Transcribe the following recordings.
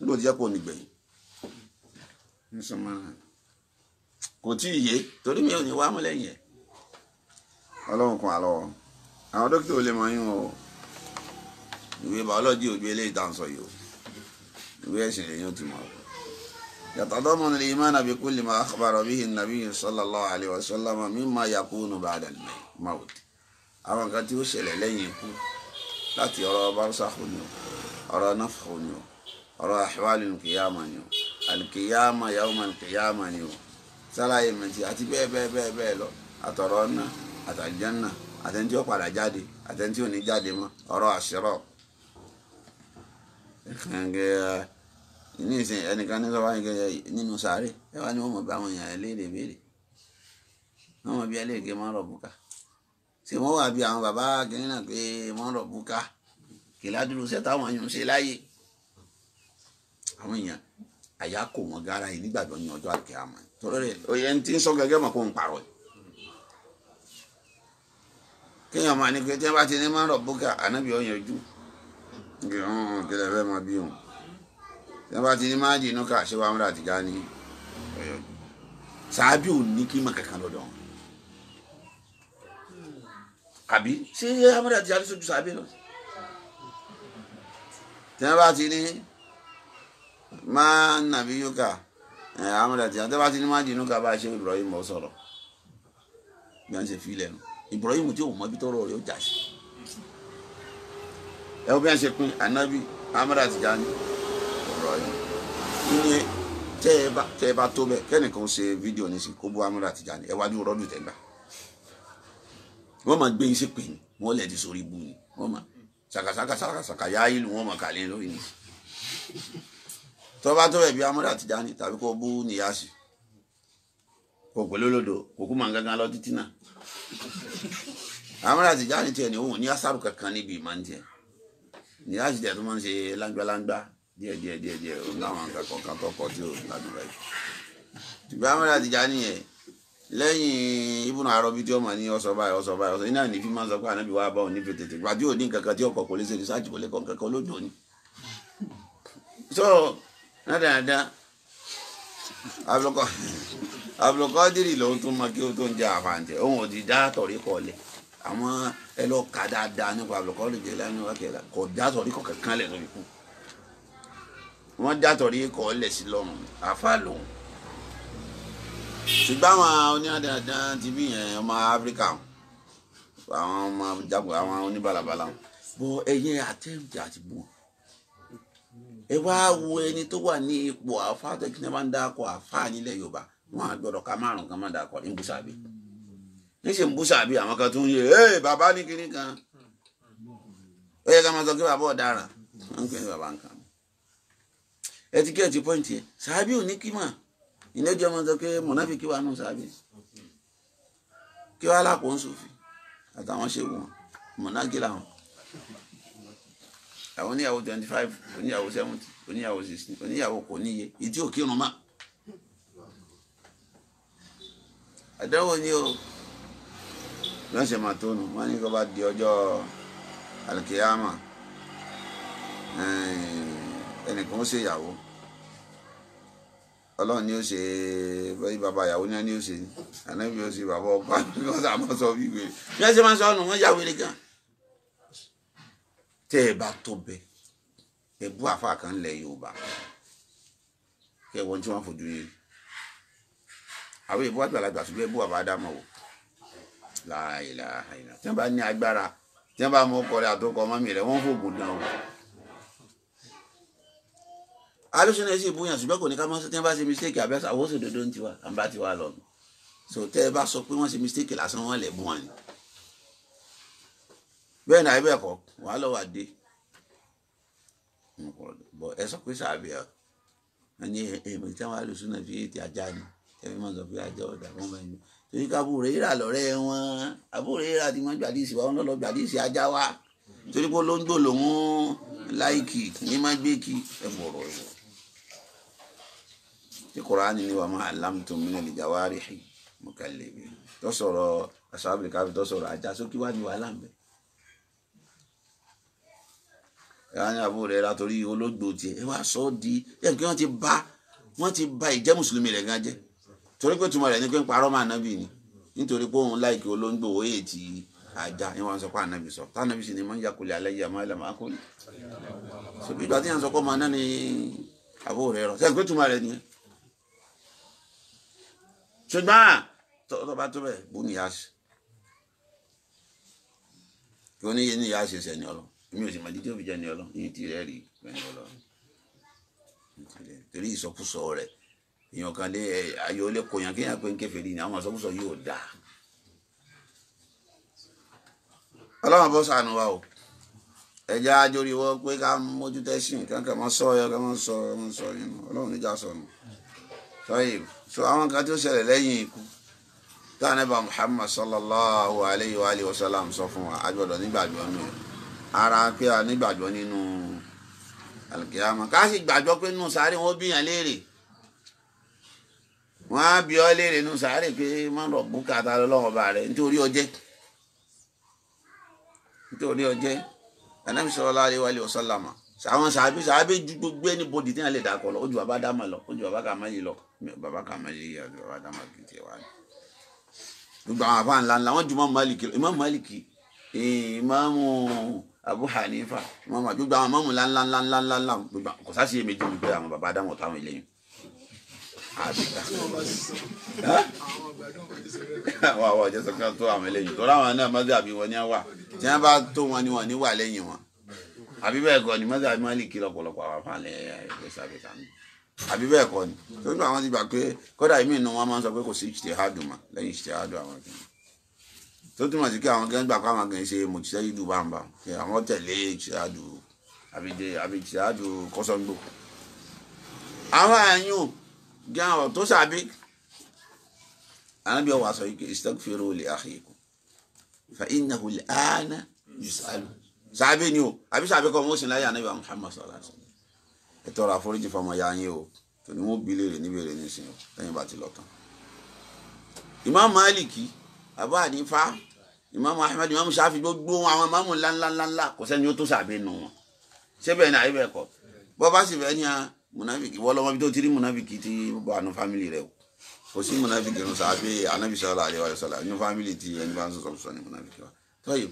nígbà tí jẹ́ kó nígbẹ̀yìn nsọmọràn kò tí ì yé torí mi ò ní wá mú lẹ́yìn ẹ̀ ọlọ́run kan àlọ́ àwọn dókítà ò lè mọ yín o ìwé bàọ́lọ́jì ò eléyìí tá à ń sọ yìí o ìwé ẹ̀sìn lèyìn ò ti mọ̀ ọ́ يتضمن الإيمان بكل ما أخبر به النبي صلى الله عليه وسلم مما يكون بعد الموت àwọn nǹkan tí ó ṣẹlẹ̀ lẹ́yìn ikú láti ọ̀rọ̀ barzakh ni ọ̀rọ̀ nafkh ni ọ̀rọ̀ àṣewálì kìyàmà ni o àlìkìyàmà yàwùmà kìyàmà ni o sálàyé mẹtì àti bẹ́ẹ̀ bẹ́ẹ̀ bẹ́ẹ̀ bẹ́ẹ̀ lọ àtọ̀rọ̀ ọ̀nà àtàlìjánà àtẹ̀ntí ó padà jáde àtẹ̀ntí ò ní jáde mọ́ ọ̀rọ̀ àṣírọ̀ ẹ̀kàngẹ́ ní ìsìn ẹnìkan ní sọ́wọ́ ẹ̀kẹ́ nínú sàárè ẹ wá ní wọ́n mọ̀ bí àwọn èèyàn léèrè béèrè wọ́n mọ̀ bí ẹlẹ́ẹ̀kẹ́ máa ń rọ̀ bùkà ṣé wà bí àwọn bàbá kìnínà pé wọ́n rọ̀ bùkà kìlá dúró sẹ́ta wọ́n yùn ṣe láyé àwọn èèyàn àyà kò wọn gara yìí nígbàgbọ́ ní ọjọ́ àkẹ́ àmọ́ tọ́lọ́ rẹ̀ oyè ẹni tí ń sọ gẹ́gẹ́ mọ̀ kó ń parọ́ yìí. kéèyàn máa ní pé tí wọ́n bá ti ní máa ń rọ̀ bókà ànábì ọ̀yàn ojú kílẹ̀ fẹ́ máa bí òun tí wọ́n bá ti ní máa dì inú ká ṣé wàá múra àtijá ní ọ̀yàn ojú sàábì ò ní kí mà kankan lọ́dọ̀ wọn. àbí ṣé amúra àtijá ló sojú sàábì lọ tí wọ́n bá ti ní máa nàbí yókà ẹ̀ amúdà tí wọ́n tẹ́ bá ti ní má dínú ká bá ṣe Ibrahim ọ̀ sọ̀rọ̀ bí wọ́n ṣe fi ilẹ̀ nu Ibrahim tí òun mọ ibi tọ́rọ̀ rẹ̀ ó jà ẹ wọ́n bí wọ́n ṣe pín anabi amúdà tí já ní Ibrahim ní tẹ́ ẹ bá tẹ́ ẹ bá tó bẹ́ẹ̀ kẹ́nìkan ṣe fídíò nísìn kó bú amúdà tí já ní ẹ wájú rọ́dù tẹ́ gbà wọ́n máa gbé iṣẹ́ pè ní wọ́n lẹ̀ ti sórí ibu ni wọ́n máa ṣàkàṣàkà ṣàkàṣàkà yáyé ni wọ́n máa kà lé lórí ni tó bá tó bẹ̀ bí amúdà Tìjàní tàbí kó bú níyàsì kò pẹ̀lú olódò kò kú màá gángan lọ títí náà amúdà Tìjàní tiẹ̀ ní òun ní asáru kankan níbi ìmọ̀ ní tiẹ̀ níyàsì tiẹ̀ tó máa ń ṣe láńgbáláńgbá díẹ̀ díẹ̀ díẹ̀ díẹ̀ òun láwọn nǹkan kọ̀ọ̀kan tọkọ tí ò ládùn báyìí ṣùgbọ́n amúdà Tìjàní yẹn lẹ́yìn ibùnà arọ́bí tí ó ní ọ̀sọ̀ báyìí ọ̀sọ̀ báyìí ọ̀sọ̀ iná ní fi máa ń sọ pé ànábì wàá bá òun ní fètètè gbàdí òní kankan tí ọkọ̀ kò lè ṣe rìsáàjì kò lè kọ̀ kankan lójú òní. so ná dáadáa abdulkadiri lòun tún mọ kí ó tó ń jẹ àfàǹtẹ òun ò ti dá àtọ̀rí kọlẹ̀ àwọn ẹ lọ kà dáadáa nípa abdulkadiri jẹ lánàá wákẹ́lá kò dá àtọ̀rí kọ̀ kankan lẹ̀ lórí kù wọ́n dá àtọ̀rí kọlẹ̀ sí lọ́rùn àfa lòun ṣùgbọ́n àwọn onídàádáa ti bí yẹn ọmọ áfíríkà àwọn ọmọ jago àwọn oníbalabala bọ ẹyẹ àtẹ̀jẹ̀ àti ẹ wá wo ẹni tó wà ní ipò àfa tó kí ni wọ́n dá kọ àfa nílẹ̀ yorùbá wọn á gbọ́dọ̀ ká márùn kan má dá kọ ní bùsàbí ní ṣe ń bùsàbí àwọn kan tó ń yẹ ẹ bàbá ní kinní kan ó yẹ ká máa sọ kí bàbá ọ̀daràn ń pè ní bàbá nǹkan ẹtíkẹ́ẹ̀tì pọ́ǹtì ẹ̀ sàábì ò ní kí mà ìlẹ́jọ́ ọmọ sọ pé mọ̀nàfi kí wàá nù sàábì kí wàá lápò ń sòfin àtàwọn ṣe wọn mọ̀nàgí làwọn àwọn oníyàwó twenty five oníyàwó seventy oníyàwó sixty oníyàwó kò níye ìdí òkè irun mọ́. àdánwò ni o lọ́sẹ̀ máa tó nù wọ́n ní kó bá di ọjọ́ alikiyama ẹnìkan ó ṣe ìyàwó ọlọ́run ni ó ṣe bẹ́ẹ̀ bàbá ìyàwó náà ni ó ṣe ànábì ó ṣe bàbá ọkọ àbí wọ́n sà mọ́ sọ wíwèé bí wọ́n ṣe máa ń sọ ọ́nù wọ́n yà wẹ́rẹ́ gan-an tẹ́ ẹ bá tó bẹ ẹ bú àfa kan lẹ̀ yorùbá kẹ wọn tí wọn fojú yé àwọn ìbú àgbàlagbà ṣùgbọ́n ẹ bú àbá dámọ̀ wò láìláìlá tí wọ́n bá ní agbára tí wọ́n bá mọ ọkọ rẹ àtọkọ ọmọ mi rẹ wọ́n fòògùn dán o alóṣèlú ẹsẹ ìbúyàn ṣùgbọ́n kò ní ká mọ tí wọ́n bá ṣe mistake àbẹ́sà owó sòdodo ń tiwa àbá tiwa lọ so tẹ́ ẹ bá sọ pé wọ́n ṣe mistake lásán wọ́n lẹ̀ mú wọn ni bẹ́ẹ̀ náà ẹbẹ̀ kọ wàá lọ wà dé bọ ẹ sọ pé sàbẹ ọ wọn ní èmi tí wọn á lò sínú fi ètè ajá ni ẹbí máa sọ pé ajá ọdà wọn bá ń yọ torí ká Abu Hurairah lọrẹ wọn Abu Hurairah ti máa gbàdísì wa wọn lọ gbàdísì ajá wa torí pé olóńgbò lòun láìkì ní máa gbé kí ẹ bọ̀rọ̀ ẹ tí kuraani ni wàá máa lámtu minal jawarihi mukallibin tó sọ̀rọ̀ asábìlì káfí tó sọ̀rọ̀ ajá sókè wá ní wàhálà mẹ́rin. káwọn àbúrò rẹ̀ ra torí olóògbé tiẹ̀ ẹ wá sọ di ẹ̀ kí wọ́n ti bá wọ́n ti bá ìjẹ́ mùsùlùmí rẹ̀ gan jẹ́ torí pé tùmọ̀ rẹ̀ ní pé ń parọ́ mọ́ ànábì ni nítorí pé òun láìkí olóńgbò ó yè tí ajá ni wọ́n sọ pé ànábì sọ tánábì sì ni mọ́ ń yakulẹ̀ alẹ́ yìí àmọ́ ẹlẹ́mọ̀ akọ́lẹ̀ ṣòbí ìgbà tí wọ́n sọ pé ọmọ náà ni àbúrò rẹ̀ rọ̀ sẹ́yìn pé tùmọ̀ rẹ̀ nìyẹn ṣùgbọ́n tọ́ bá tó bẹ̀ bú ni yá ṣe kí oníyé ni yá ṣe sẹ́ni ọlọ́run mi ò sì mọ dídí òfìjẹ ni Ọlọ́run ní ti rẹ rí pẹ̀lú Ọlọ́run torí ìsọkúsọ rẹ èèyàn kan lé ayé olè kòyàn kéèyàn pé ń kẹfẹ rí ni àwọn ìsọkúsọ yóò dà Ọlọ́run bó sànù wa o ẹja ajórí wọ pé ká mójú tẹsán kankan máa sọ ọ ká máa sọ ọ máa sọ yẹn Ọlọ́run níjà sọnù sọyìí so àwọn kan tó ṣẹlẹ̀ lẹ́yìn ikú tánàbà Muhammad sallallahu alayhi wa sallam sọ fún wa a gbọ́dọ̀ nígbàgbọ́ nù ara pé a nígbàgbọ́ nínú àlùkìyàmọ́ ká sì gbàgbọ́ pé nínú sáré wọn bí yàn léèrè wọn á bí ọ léèrè nínú sáré pé má lọ bùkátà lọ́wọ́ bá rẹ nítorí ọjẹ́ nítorí ọjẹ́ ẹnẹ́mi sallallahu alaihi wa sallam àwọn sàbí sàbí ju gbogbo ẹni bòdì tí wọn lè dàkọ lọ ojú bàbá dàmà lọ ojú bàbá kàmá yìí lọ bàbá kàmá yìí yà bàbá dàmà kì í tiẹ̀ wá ní. gbogbo àwọn àfa ńlá ńlá wọn ju mọ́ málìkì lọ ìmọ̀ málìkì ìmọ̀ mú un abu hanifa mama gbogbo àwọn mọ́mù ńláńláńláńláńlá kò sá sí èméjì mi pé àwọn bàbá adámọ̀ táwọn eléyìí àbíkà àwọn àwọn ọ̀jẹ̀ sọ̀kan tó àwọn eléyìí tó ráwọn náà mọ́tò àbí wọn ní wà tí wọ́n bá tó wọn ni wọn ní wà lẹ́yìn wọn àbí bẹ́ẹ̀ kọ́ ni mọ́tò àbí wọn lè kí lọ́pọ̀lọpọ̀ àwọn afáàlẹ̀ ẹ̀ẹ́dẹ́sàbẹ̀sà mi àbí bẹ́ẹ̀ kọ́ ni tó gbà wọ́n ti gbà pé kódà ìmí inú wọn máa ń sọ pé kò sí ìṣtìhádùn mà lẹ́yìn ìṣtìhádùn àwọn kìnnìkan tó túmọ̀ sí kí àwọn gẹ́gbà kó àwọn gẹ̀ ń ṣe mùjíṣẹ́hídù bàǹbà kí àwọn tẹ̀lé ìṣáàdù àbíjẹ àbíṣáàdù kọ́sọ́gbò àwọn àyùn jẹ́ àwọn tó sàbí anábíyọ̀ wà sọ yìí istaghfiru li akhikum fa innahu al-ana yus'alu sàbí ni o àbí sàbí kọ́ mọ́sìn láyé anábíyọ̀ Muhammad sallallahu alaihi wasallam ẹ àforíjì fọmọ ya yín o tó ní wọn bí léèrè níbèrè nísìnyí o lẹ́yìn bá ti lọ tán Imam Maliki Abu Hanifa imaamu ahmed imaamu shafi gbogbo àwọn imaamu ńláńláńlá kò sẹ́ni ó tó sàbí nù wọn sẹ́bẹ̀ náà ibẹ̀ kọ bọ́ba sì fẹ́ ní a munafiki wọ́lọ́mọ bí tó ti rí munafiki ti bọ́ àánú fámìlì rẹ o kò sí munafiki nù sàbí anabi sọlá àlẹ́ wa sọlá nínú fámìlì ti ẹni bá ń sọ sọ ní munafiki wa tọ́yì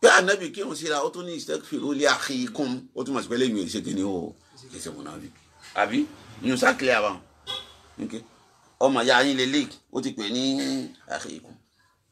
pé anabi kírun síra ó tún ní istaghfiru li akhikum ó tún mọ̀ sí pé lẹ́yìn ìṣe kìíní o kì í ṣe munafiki àbí nù sákìlẹ̀ àbá ọmọ ya yín lélẹ́yìn ó ti pè ní akhikum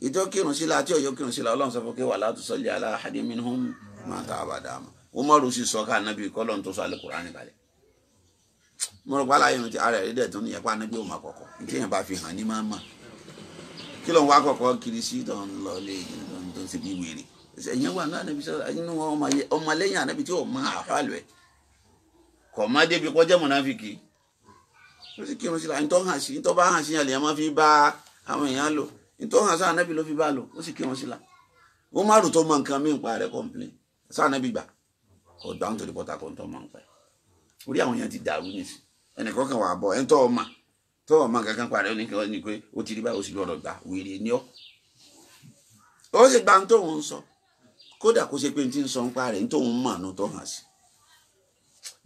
ìjọ kírun sílá àti ọ̀yọ́ kírun sílá ọlọ́run sọ fún kí wala tusalli ala ahadin minhum mata abada ama Umaru sì sọ ká anabi kọ́lọ́n tó sọ Al-Qur'ani kalẹ̀ mo rò pàlà yẹn ti ara rẹ̀ dẹ̀ tún níyẹn pa anabi ò máa kọ̀kọ̀ ní tíyẹn bá fi hàn ní máa mà kí ló ń wá kọ̀kọ̀ kiri sí tó ń lọ lé tó ń ṣe bí wèrè ẹ̀yẹn wà nínú ọmọlẹ́yìn anabi tí ò máa àfàlù ẹ̀ kọ̀ má débi kọjá mọ̀nàfíkì ó sì kírun sílá ní tó hàn sí ní bá hàn sí yẹn lè nítorí hàn sáà nẹ́bí ló fi bá lò ó sì kí wọn sílá ó má rò tó mọ nǹkan mí rẹ complain sáà anabi gbà ọ̀dọ̀ àwọn torí pọ́tà kan tó mọ orí àwọn yẹn ti dàrú ẹnìkan kan kankan ó ní kí ní pé ó ti rí báyìí ó sì gbà gba tóun sọ kódà kó ṣe pé ti ń sọ nípa rẹ̀ tóun mọ̀ nù tó hàn sí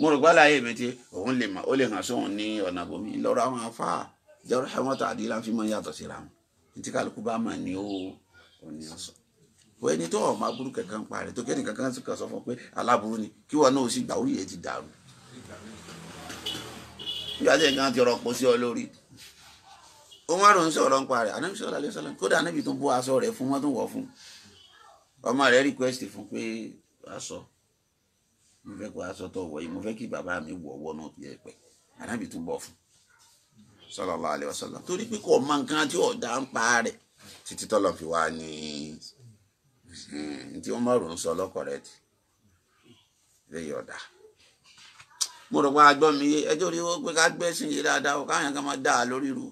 mo rò ayé tí kálukú bá mọ̀ ní ó òní ọ̀sán o ẹni tó ọmọ aburú kankan pa rẹ tó kẹ́ni kankan kan sọ fún pé aláburú ni kí wọn náà sì gbà orí yẹn ti dàrú nígbà tí nǹkan ti rọpò sí ọ lórí ohun àrùn sọ̀rọ̀ ń pa rẹ̀ ànábi sọ̀rọ̀ alẹ́ sọ̀rọ̀ kódà ànábi tó aso aṣọ rẹ̀ fún wọ́n tó wọ̀ fún ọmọ rẹ̀ request fún pé aṣọ mo fẹ́ kó aṣọ tó wọ̀ yìí mo fẹ́ kí bàbá mi wọ̀ wọ́nà yẹpẹ̀ ànábi tó bọ̀ fún sallallahu alaihi wasallam torí pé kò mọ nǹkan tí ọ̀dà ń pa rẹ̀ títí tọ́lọ̀ fi wá ní hmm, tí wọ́n mọ̀ rún sọ lọ́kọ̀ rẹ̀ tì lẹ́yìn ọ̀dà. mo rò pé agbọ́ mi ẹjọ́ rí ó pé ká gbẹ́sìn yìí dáadáa o káyàn kan máa dà á lórí ru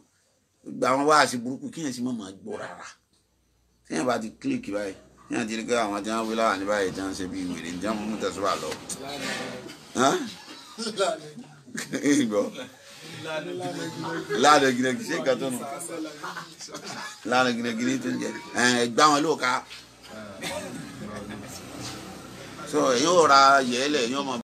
gba àwọn wáàsí burúkú kíyàn sì mọ̀ máa gbọ́ rárá tíyàn bá ti kílìkì báyìí tíyàn ti rí pé àwọn tí wọ́n wí láwọn ní báyìí tí wọ́n ṣe bí ìwèrè ní tí wọ́n mú tẹ̀síwá lọ. láàdọ gidagidi ṣé nǹkan tó nù láàdọ gidagidi tó ń jẹ ẹ gbá wọn ló ká so yóò ra yẹlẹ yóò mọ.